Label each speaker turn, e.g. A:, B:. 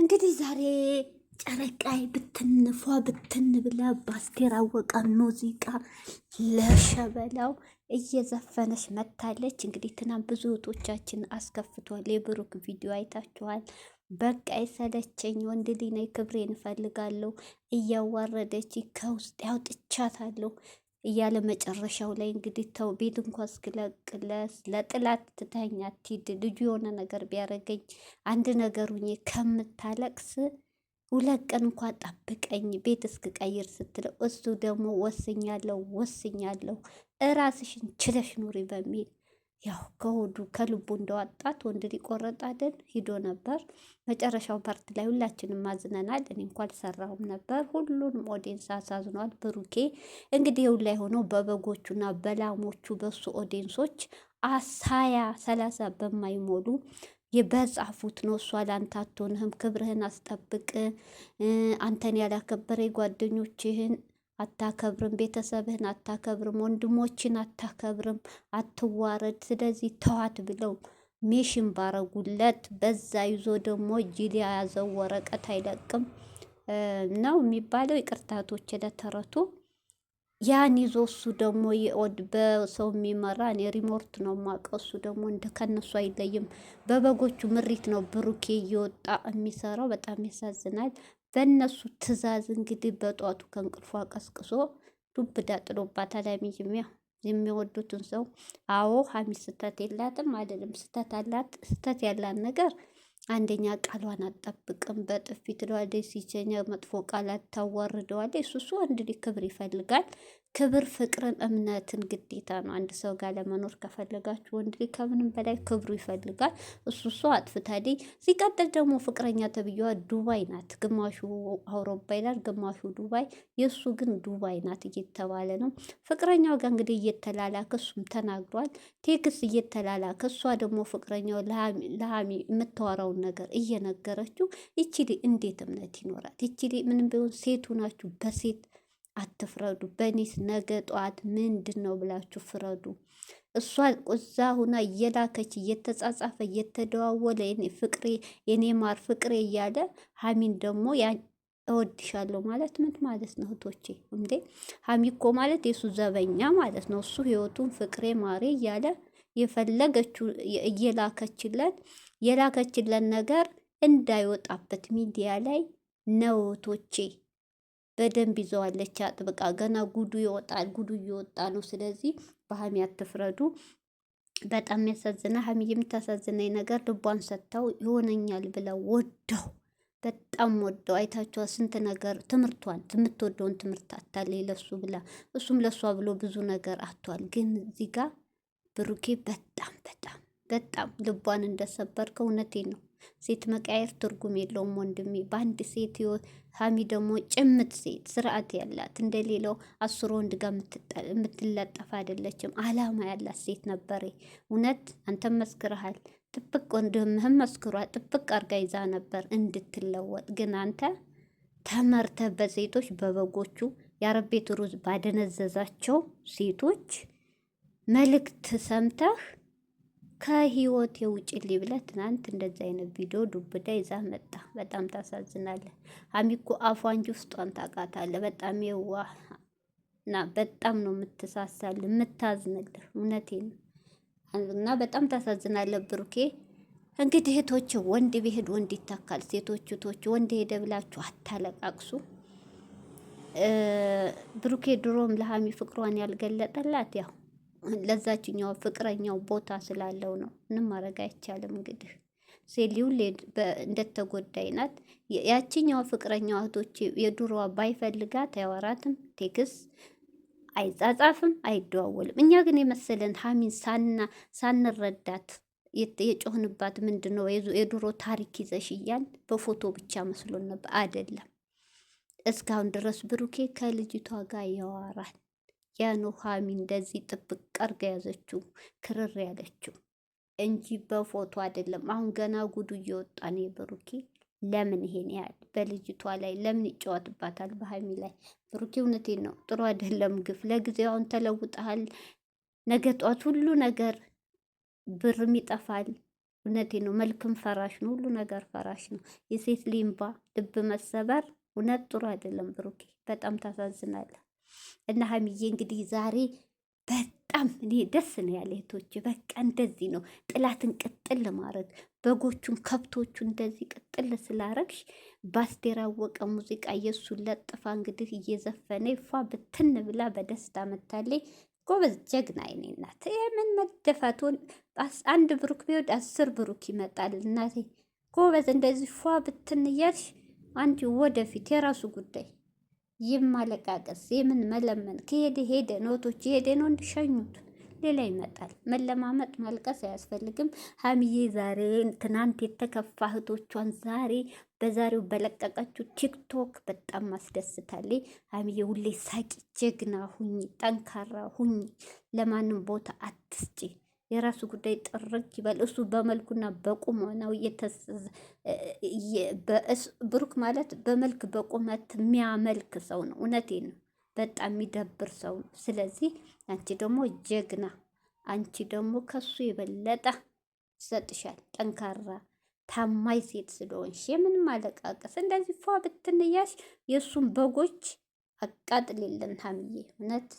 A: እንግዲህ ዛሬ ጨረቃይ ብትንፏ ብትንብለ በአስቴር አወቀ ሙዚቃ ለሸበላው እየዘፈነች መታለች። እንግዲህ ትናንት ብዙ እህቶቻችን አስከፍቷል። የብሩክ ቪዲዮ አይታችኋል። በቃ የሰለቸኝ ወንድ ልጅ ነኝ ክብሬን እፈልጋለሁ እያዋረደች ከውስጥ ያውጥቻታለሁ እያለ መጨረሻው ላይ እንግዲህ ተው ቤት እንኳ እስክለቅለስ ለጥላት ትተኸኝ አትሂድ፣ ልጁ የሆነ ነገር ቢያደርገኝ አንድ ነገር ሁኜ ከምታለቅስ ሁለት ቀን እንኳ ጠብቀኝ ቤት እስክቀይር ስትለው እሱ ደግሞ ወስኛለሁ ወስኛለሁ እራስሽን ችለሽ ኑሪ በሚል ያው ከሆዱ ከልቡ እንደዋጣት ወንድ ሊቆረጥ አይደል ሂዶ ነበር። መጨረሻው ፓርት ላይ ሁላችንም አዝነናል። እኔ እንኳ አልሰራሁም ነበር። ሁሉንም ኦዲየንስ አሳዝኗል። ብሩኬ እንግዲህ ይኸው ላይ ሆኖ በበጎቹና በላሞቹ በሱ ኦዲየንሶች አሳያ ሰላሳ በማይሞሉ የበጻፉት ነው። እሷ ለአንተ አትሆንህም፣ ክብርህን አስጠብቅ፣ አንተን ያላከበረ ጓደኞችህን አታከብርም፣ ቤተሰብህን አታከብርም፣ ወንድሞችን አታከብርም፣ አትዋረድ። ስለዚህ ተዋት ብለው ሜሽን ባረጉለት። በዛ ይዞ ደግሞ ጅል የያዘው ወረቀት አይለቅም ነው የሚባለው። ይቅርታቶች ለተረቱ ያን ይዞ እሱ ደግሞ የኦድ በሰው የሚመራ እኔ ሪሞርት ነው ማውቀው። እሱ ደግሞ እንደ ከነሱ አይለይም። በበጎቹ ምሪት ነው ብሩኬ እየወጣ የሚሰራው። በጣም ያሳዝናል። በእነሱ ትዕዛዝ እንግዲህ በጧቱ ከእንቅልፏ ቀስቅሶ ዱብ እዳ ጥሎባታል። የሚወዱትን ሰው አዎ ሀሚ ስተት የላትም አይደለም ስተት አላት። ስተት ያላት ነገር አንደኛ ቃሏን አጠብቅም በጥፊ ትለዋለች። ሲቸኛ መጥፎ ቃላት ታዋርደዋለች። እሱ እሱ አንድ ልጅ ክብር ይፈልጋል። ክብር ፍቅርን፣ እምነትን ግዴታ ነው። አንድ ሰው ጋር ለመኖር ከፈለጋችሁ ወንድ ልጅ ከምንም በላይ ክብሩ ይፈልጋል። እሱ እሱ አጥፍታለች። ሲቀጥል ደግሞ ፍቅረኛ ተብዬዋ ዱባይ ናት። ግማሹ አውሮፓ ይላል፣ ግማሹ ዱባይ፣ የእሱ ግን ዱባይ ናት እየተባለ ነው። ፍቅረኛው ጋር እንግዲህ እየተላላከ እሱም ተናግሯል። ቴክስ እየተላላከ እሷ ደግሞ ፍቅረኛው ለሀሚ የምታወራው የሚሰራውን ነገር እየነገረችው ይችሊ እንዴት እምነት ይኖራት? ይችሊ ምንም ቢሆን ሴቱ ናችሁ። በሴት አትፍረዱ። በኔስ ነገ ጠዋት ምንድን ነው ብላችሁ ፍረዱ። እሷ እዛ ሁና እየላከች እየተጻጻፈ እየተደዋወለ ፍቅሬ የኔ ማር ፍቅሬ እያለ ሀሚን ደግሞ እወድሻለሁ ማለት ምን ማለት ነው? እህቶቼ እንዴ ሀሚኮ ማለት የሱ ዘበኛ ማለት ነው። እሱ ህይወቱን ፍቅሬ ማሬ እያለ የፈለገችው እየላከችለት የላከችለት ነገር እንዳይወጣበት ሚዲያ ላይ ነውቶቼ በደንብ ይዘዋለች አጥብቃ። ገና ጉዱ ይወጣል፣ ጉዱ እየወጣ ነው። ስለዚህ በሀሚ አትፍረዱ። በጣም ያሳዝና ሀሚ የምታሳዝናኝ ነገር ልቧን ሰጥተው ይሆነኛል ብለው ወደው በጣም ወደው አይታችኋ ስንት ነገር ትምህርቷን የምትወደውን ትምህርት አታለ ለሱ ብላ እሱም ለሷ ብሎ ብዙ ነገር አቷል። ግን እዚህ ጋር ብሩኬ በጣም በጣም በጣም ልቧን እንደሰበር እውነቴን ነው። ሴት መቀያየር ትርጉም የለውም ወንድሜ። በአንድ ሴት ሀሚ ደግሞ ጭምት ሴት ስርዓት ያላት እንደሌላው አስሮ ወንድ ጋር የምትለጠፍ አይደለችም። አላማ ያላት ሴት ነበር። እውነት አንተም መስክርሃል። ጥብቅ ወንድምህም መስክሯ ጥብቅ አርጋ ይዛ ነበር እንድትለወጥ። ግን አንተ ተመርተ በሴቶች በበጎቹ የአረብ ሩዝ ባደነዘዛቸው ሴቶች መልእክት ሰምተህ ከህይወት የውጭልኝ ብለህ ትናንት እንደዚህ አይነት ቪዲዮ ዱብዳ ይዛ መጣ። በጣም ታሳዝናለህ። አሚኮ አፏን ውስጧን ታውቃታለህ። በጣም የዋህ እና በጣም ነው የምትሳሳል የምታዝንልህ። እውነቴ ነው እና በጣም ታሳዝናለህ ብሩኬ። እንግዲህ እህቶች ወንድ ቢሄድ ወንድ ይታካል። ሴቶች እህቶች ወንድ ሄደ ብላችሁ አታለቃቅሱ። ብሩኬ ድሮም ለሀሚ ፍቅሯን ያልገለጠላት ያው ለዛችኛው ፍቅረኛው ቦታ ስላለው ነው። ምንም ማድረግ አይቻልም። እንግዲህ ሴሊው እንደተጎዳይ ናት። ያችኛው ፍቅረኛው እህቶች የድሮዋ ባይፈልጋት አያወራትም፣ ቴክስ አይጻጻፍም፣ አይደዋወልም። እኛ ግን የመሰለን ሀሚን ሳና ሳንረዳት የጮህንባት ምንድን ነው የድሮ ታሪክ ይዘሽ እያል በፎቶ ብቻ መስሎን ነበር። አይደለም እስካሁን ድረስ ብሩኬ ከልጅቷ ጋር ያወራል። የኑሃሚ እንደዚህ ጥብቅ አርጋ ያዘችው ክርር ያለችው እንጂ በፎቶ አይደለም። አሁን ገና ጉዱ እየወጣ ነው። ብሩኬ ለምን ይሄን ያህል በልጅቷ ላይ ለምን ይጫወትባታል? በሀሚ ላይ ብሩኬ እውነቴን ነው። ጥሩ አይደለም ግፍ። ለጊዜው አሁን ተለውጠሃል። ነገ ጧት ሁሉ ነገር ብርም ይጠፋል። እውነቴ ነው። መልክም ፈራሽ ነው። ሁሉ ነገር ፈራሽ ነው። የሴት ሊምባ ልብ መሰበር እውነት ጥሩ አይደለም ብሩኬ። በጣም ታሳዝናለህ። እና ሀሚዬ እንግዲህ ዛሬ በጣም እኔ ደስ ነው ያለ እህቶቼ። በቃ እንደዚህ ነው ጥላትን ቅጥል ማድረግ በጎቹን ከብቶቹ እንደዚህ ቅጥል ስላረግሽ ባስቴራወቀ አወቀ ሙዚቃ የእሱን ለጥፋ እንግዲህ እየዘፈነ ይፏ ብትን ብላ በደስታ መታለች። ጎበዝ ጀግና አይኔ እናት ምን መደፋቱን አንድ ብሩክ ቢወድ አስር ብሩክ ይመጣል። እናቴ ጎበዝ እንደዚህ ፏ ብትን እያልሽ አንቺ ወደፊት የራሱ ጉዳይ የማለቃቀስ የምን መለመን ከሄደ ሄደ፣ ኖቶች የሄደ ነው እንዲሸኙት ሌላ ይመጣል። መለማመጥ ማልቀስ አያስፈልግም። ሀሚዬ ዛሬ ትናንት የተከፋ እህቶቿን ዛሬ በዛሬው በለቀቀችው ቲክቶክ በጣም ማስደስታለች። ሀሚዬ ሁሌ ሳቂ፣ ጀግና ሁኝ፣ ጠንካራ ሁኝ፣ ለማንም ቦታ አትስጪ። የራሱ ጉዳይ ጥርግ ይበል። እሱ በመልኩና በቁም ነው ብሩክ ማለት በመልክ በቁመት የሚያመልክ ሰው ነው። እውነቴ ነው። በጣም የሚደብር ሰው ነው። ስለዚህ አንቺ ደግሞ ጀግና፣ አንቺ ደግሞ ከሱ የበለጠ ይሰጥሻል። ጠንካራ ታማኝ ሴት ስለሆንሽ የምንም አለቃቀስ እንደዚህ ፏ ብትንያሽ የእሱን በጎች አቃጥልልን ሀምዬ እውነት